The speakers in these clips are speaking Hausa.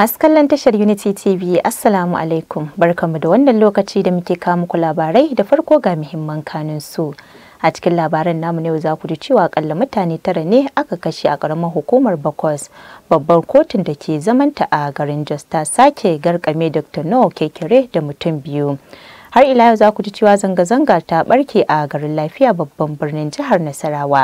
Masu kallon tashar Unity TV, Assalamu alaikum, barkamu da wannan lokaci da muke kawo muku labarai da farko ga muhimman kanun su. A cikin labaran namu yau za ku ji cewa akalla mutane tara ne aka kashe a ƙaramar hukumar bakos babbar kotun da ke zamanta a garin Jos ta sake garkame Dr. Noah Kekere da mutum biyu. har ila yau za ku ji cewa zanga-zanga ta barke a garin lafiya babban birnin jihar nasarawa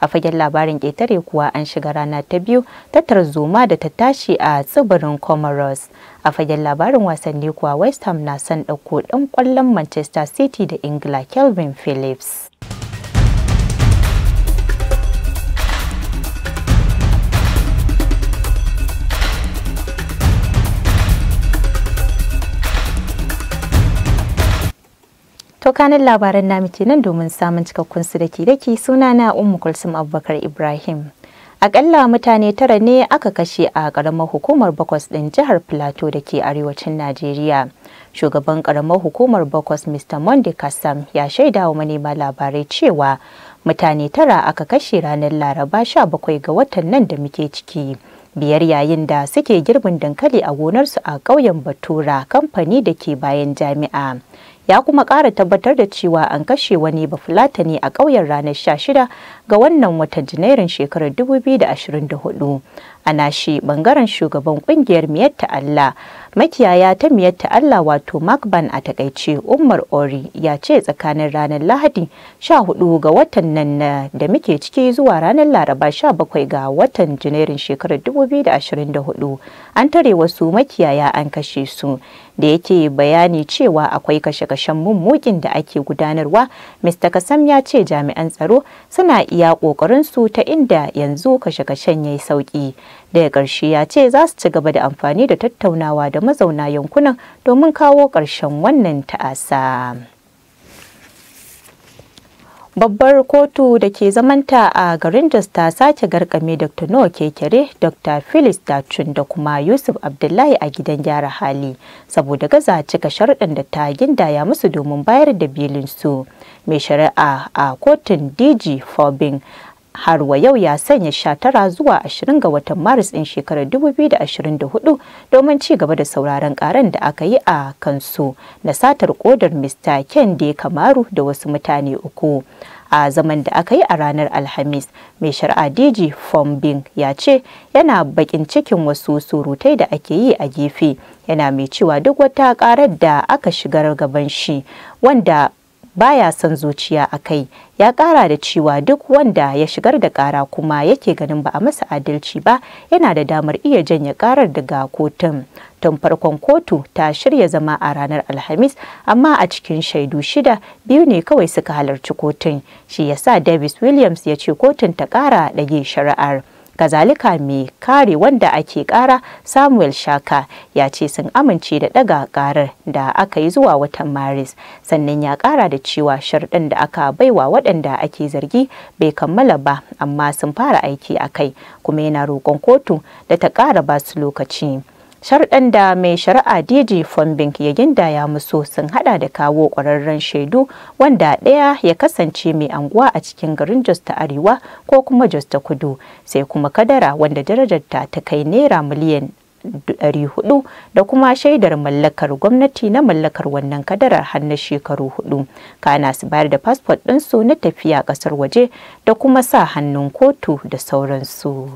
a fagen labarin ƙetare kuwa an shiga rana ta biyu ta tarzoma da ta tashi a tsibirin comoros a fagen labarin wasanni kuwa west ham na son ɗauko ɗan ƙwallon manchester city da ingila kelvin phillips To kanin labaran muke kenan domin samun cikakkun su da daki suna na Ummu Kulsum Abubakar Ibrahim. Akalla mutane tara ne aka kashe a ƙaramar hukumar Bakwas ɗin jihar Plateau da ke arewacin Najeriya. Shugaban ƙaramar hukumar Bakwas Mr. Monday Kassam ya shaida wa manema labarai cewa mutane tara aka kashe ranar Laraba 17 ga watan nan da muke ciki. biyar yayin da suke girbin dankali a gonarsu a ƙauyen batura kamfani da ke bayan jami'a ya kuma ƙara tabbatar da cewa an kashe wani bafulatani a ƙauyen ranar 16 ga wannan watan Janairun shekarar 2024. a nashi bangaren shugaban kungiyar miyar Allah makiyaya ta miyar ta Allah wato Makban a takaice Umar Ori ya ce tsakanin ranar Lahadi 14 ga watan nan na da muke ciki zuwa ranar Laraba 17 ga watan Janairun shekarar 2024 an tare wasu makiyaya an kashe su da yake bayani cewa akwai kashe-kashen mummukin da ake gudanarwa Mr. Kasam ya ce jami'an tsaro suna iya ƙoƙarinsu ta inda yanzu kashe-kashen yayi yi sauƙi. daga ƙarshe ya ce za su ci gaba da amfani da tattaunawa da mazauna yankunan domin kawo ƙarshen wannan ta'asa. babbar kotu da ke zamanta a garin jos ta sake garkame dr noah kekere dr phyllis datun da kuma yusuf abdullahi a gidan gyara hali saboda gaza cika sharuɗan da ta gindaya musu domin bayar da bilinsu mai shari'a a kotun dg forbin har wa yau ya sanya 19 zuwa 20 ga watan maris ɗin shekarar 2024 domin ci gaba da sauraron karan da aka yi a kansu na satar kodar mr kende kamaru da wasu mutane uku a zaman da aka yi a ranar alhamis mai shari'a dj fombing ya ce yana bakin cikin wasu surutai da ake yi a gefe yana mai cewa duk wata karar da aka shigar gaban shi wanda baya son zuciya a kai ya kara da cewa duk wanda ya shigar da kara kuma yake ganin ba a masa adalci ba yana da damar iya janye karar daga kotun tun farkon kotu ta shirya zama a ranar alhamis amma a cikin shaidu shida biyu ne kawai suka halarci kotun shi yasa davis williams ya ce kotun ta kara ɗage shari'ar gazalika mai kare wanda ake kara samuel shaka ya ce sun amince da daga karar da aka yi zuwa watan maris sannan ya kara da cewa sharɗin da aka baiwa waɗanda ake zargi bai kammala ba amma sun fara aiki a kai kuma yana roƙon kotu da ta ƙara ba su lokaci Sharɗan da mai shari'a DJ Fombink ya gindaya musu sun hada da kawo ƙwararren shaidu wanda ɗaya ya kasance mai anguwa a cikin garin Jos ta Arewa ko kuma Jos ta Kudu sai kuma kadara wanda darajarta ta kai naira miliyan 400 da kuma shaidar mallakar gwamnati na mallakar wannan kadarar har na shekaru hudu kana su bayar da fasfot ɗinsu na tafiya ƙasar waje da kuma sa hannun kotu da sauransu.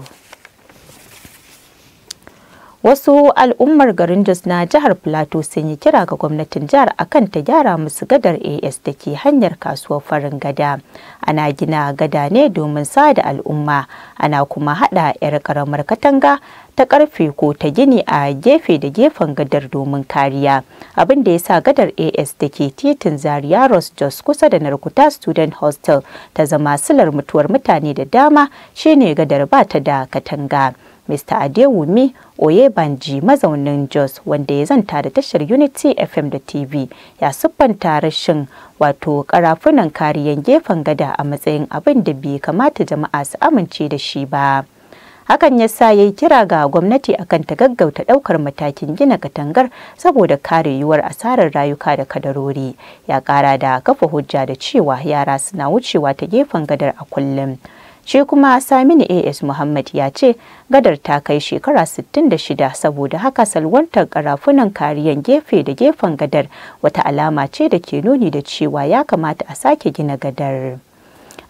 Wasu al'ummar garin Jos na jihar Plateau sun yi kira ga gwamnatin jihar akan ta gyara musu gadar AS da ke hanyar kasuwar farin gada. Ana gina gada ne domin sada al'umma, ana kuma hada 'yar karamar katanga ta karfe ko ta gini a gefe da gefen gadar domin kariya abin da ya sa gadar as da ke titin zaria ross jos kusa da narkuta student hostel ta zama silar mutuwar mutane da dama shine gadar ba ta da katanga Mr. Adewumi Oyebanji mazaunin Jos wanda ya zanta da tashar Unity FM da TV ya siffanta rashin wato karafunan kariyan gefen gada a matsayin abin da bai kamata jama'a su amince da shi ba. hakan ya sa ya yi kira ga gwamnati akan ta gaggauta ɗaukar matakin gina katangar saboda kare yiwuwar asarar rayuka da kadarori ya ƙara da kafa hujja da cewa yara suna wucewa ta gefen gadar a kullum Shi kuma Saminu AS Muhammad ya ce gadar ta kai shekara 66 saboda haka salwantar karafunan kariyan gefe da gefen gadar wata alama ce da ke nuni da cewa ya kamata a sake gina gadar.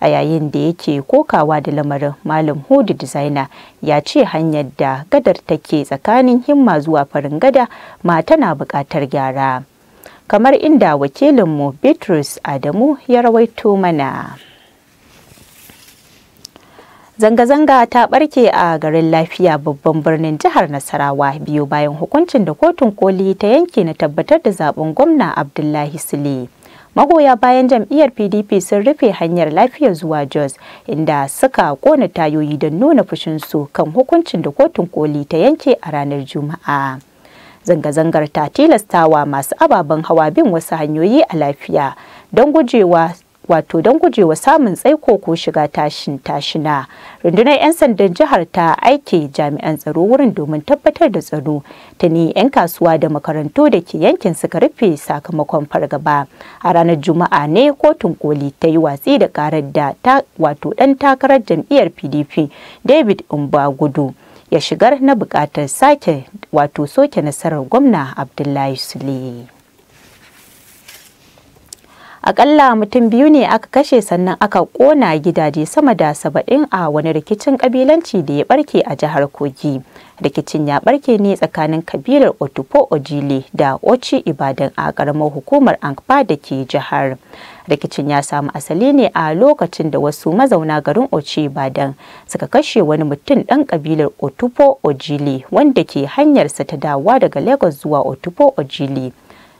a yayin da yake kokawa da lamarin malam hudu designer ya ce hanyar da gadar take tsakanin himma zuwa farin gada ma tana buƙatar gyara kamar inda wakilinmu bitrus adamu ya rawaito mana Zanga-zanga ta barke a garin lafiya babban birnin jihar Nasarawa biyu bayan hukuncin da kotun koli ta yanke na tabbatar da zaben gwamna Abdullahi Sule. Magoya bayan jam'iyyar PDP sun rufe hanyar lafiya zuwa Jos inda suka kona tayoyi don nuna fushinsu kan hukuncin da kotun koli ta yanke a ranar Juma'a. Zanga-zangar ta tilastawa masu ababen hawa bin wasu hanyoyi a lafiya don gujewa wato don gujewa samun tsaiko ko shiga tashin tashina rundunar 'yan sandan jihar ta aike jami'an tsaro wurin domin tabbatar da tsaro ta ni 'yan kasuwa da makarantu da ke yankin suka rufe sakamakon fargaba a ranar juma'a ne kotun koli ta yi watsi da karar da ta wato dan takarar jam'iyyar pdp david gudu ya shigar na bukatar sake wato soke nasarar gwamna abdullahi sule akalla mutum biyu ne aka kashe sannan aka kona gidaje sama da saba'in a wani rikicin kabilanci da ya barke a jihar kogi rikicin ya barke ne tsakanin kabilar otupo ojile da oci ibadan a karamar hukumar ankpa da ke jihar rikicin ya samu asali ne a lokacin da wasu mazauna garin oci ibadan suka kashe wani mutum dan kabilar otupo ojile wanda ke hanyarsa ta dawa daga lagos zuwa otupo ojile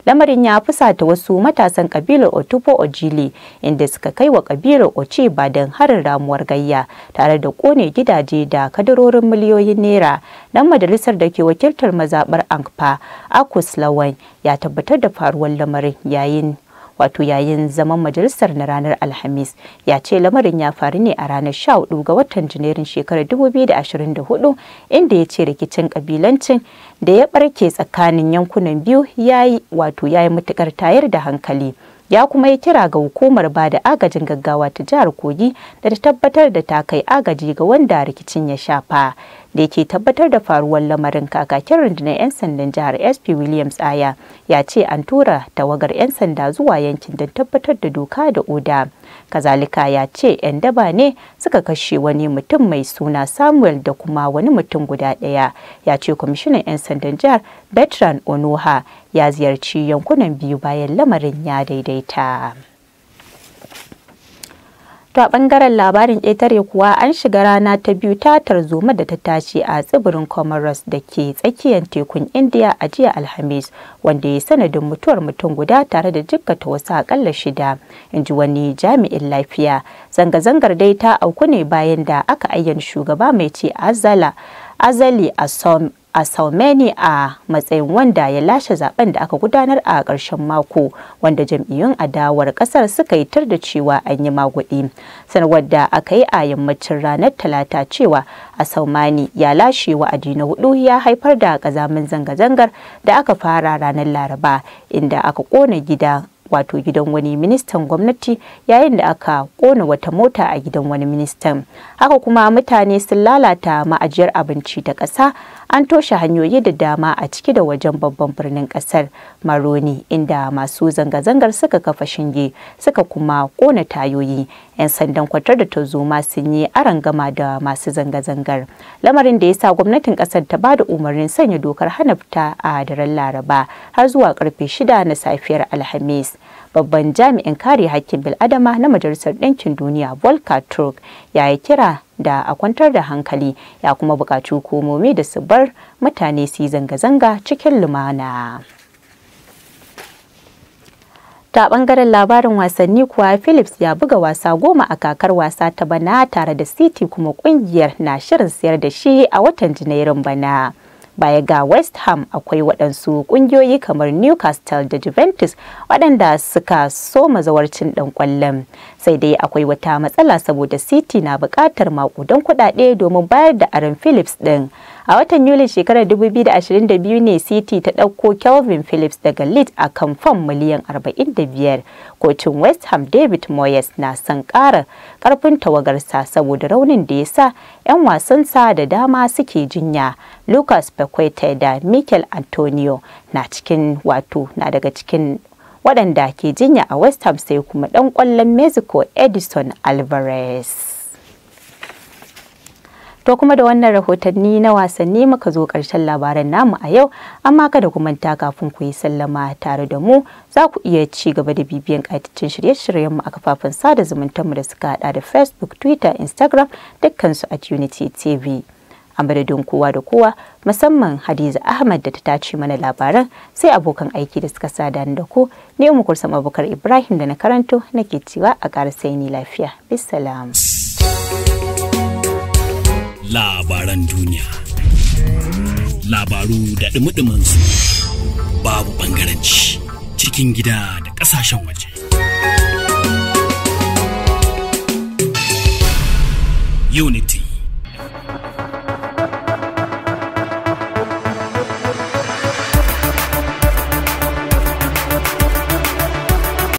lamarin ya fusata wasu matasan kabilar otupo ojili inda suka kai wa kabilar oce don harin ramuwar gayya tare da kone gidaje da kadarorin miliyoyin naira dan majalisar da ke wakiltar mazabar ankpa akus lawan ya tabbatar da faruwar lamarin yayin wato yayin zaman majalisar na ranar alhamis ya ce lamarin ya faru ne a ranar 14 ga watan janairun shekarar 2024 inda ya ce rikicin kabilancin da ya barke tsakanin yankunan biyu ya yi wato ya yi matukar tayar da hankali. ya kuma yi kira ga hukumar ba da agajin gaggawa ta jihar kogi da ta tabbatar da ta kai agaji ga wanda rikicin ya shafa da yake tabbatar da faruwar lamarin kakakin rundunar 'yan sandan jihar sp williams aya ya ce an tura tawagar 'yan sanda zuwa yankin don tabbatar da doka da oda kazalika ya ce 'yan daba ne suka kashe wani mutum mai suna samuel da kuma wani mutum guda ɗaya ya ce kwamishinan 'yan sandan jihar bertrand onoha ya ziyarci yankunan biyu bayan lamarin ya daidaita To a bangaren labarin ƙetare kuwa an shiga rana ta biyu ta tarzoma da ta tashi a tsibirin Comoros da ke tsakiyar tekun India a jiya Alhamis wanda ya sanadin mutuwar mutum guda tare da jikkata wasu akalla shida in ji wani jami'in lafiya. Zanga-zangar dai ta auku ne bayan da aka ayyana shugaba mai ce Azala Azali Assom a saumeni a matsayin wanda ya lashe zaben da aka gudanar a ƙarshen mako wanda jam'iyyun adawar ƙasar suka yi tar da cewa an yi maguɗi. Sanarwar da aka yi a yammacin ranar Talata cewa a saumani ya lashe wa'adi na hudu ya haifar da ƙazamin zanga-zangar da aka fara ranar Laraba inda aka ƙona gida wato gidan wani ministan gwamnati yayin da aka kona wata mota a gidan wani ministan haka kuma mutane sun lalata ma'ajiyar abinci da ƙasa an toshe hanyoyi da dama a ciki da wajen babban birnin ƙasar maroni inda masu zanga-zangar suka kafa shinge suka kuma kona tayoyi 'yan sandan kwatar da ta zoma sun yi gama da masu zanga-zangar lamarin da ya sa gwamnatin kasar ta ba da umarnin sanya dokar hana fita a daren laraba har zuwa karfe 6 na safiyar alhamis babban jami'in kare hakkin bil'adama na majalisar ɗinkin duniya volker turk ya yi kira da a kwantar da hankali ya kuma buƙaci hukumomi da su bar mutane su yi zanga-zanga cikin lumana Ta bangaren labarin wasanni kuwa Phillips ya buga wasa goma a kakar wasa ta bana tare da City kuma kungiyar na shirin siyar da shi a watan Janairun bana. Baya ga West Ham akwai waɗansu ƙungiyoyi kamar Newcastle da Juventus waɗanda suka so mazawarcin ɗan ƙwallon. sai dai akwai wata matsala saboda city na bukatar makudan kuɗaɗe domin bayar da aron phillips ɗin a watan yulin shekarar 2022 ne city ta ɗauko kelvin phillips daga leeds a kan fam miliyan 45 kotun west ham david moyes na son ƙara karfin tawagarsa saboda raunin da ya sa 'yan wasansa da dama suke jinya lucas paqueta da michael antonio na cikin wato na daga cikin waɗanda ke jinya a west ham sai kuma ɗan ƙwallon mexico edison alvarez To kuma da wannan rahotanni na wasanni muka zo ƙarshen labaran namu a yau, amma kada ku manta kafin ku yi sallama tare da mu za ku iya ci gaba da bibiyan ƙatacin shirye-shiryenmu a kafafen sada mu da suka hada da Facebook, Twitter, Instagram dukkansu at Unity TV. a madadin kowa da kowa musamman hadiza ahmad da ta tace mana labaran sai abokan aiki da suka sada da ku ne mu kursam abokar ibrahim da na karanto nake cewa a ƙara sai ni lafiya bisalam labaran duniya labaru da dumudumin su babu bangaranci cikin gida da ƙasashen waje unity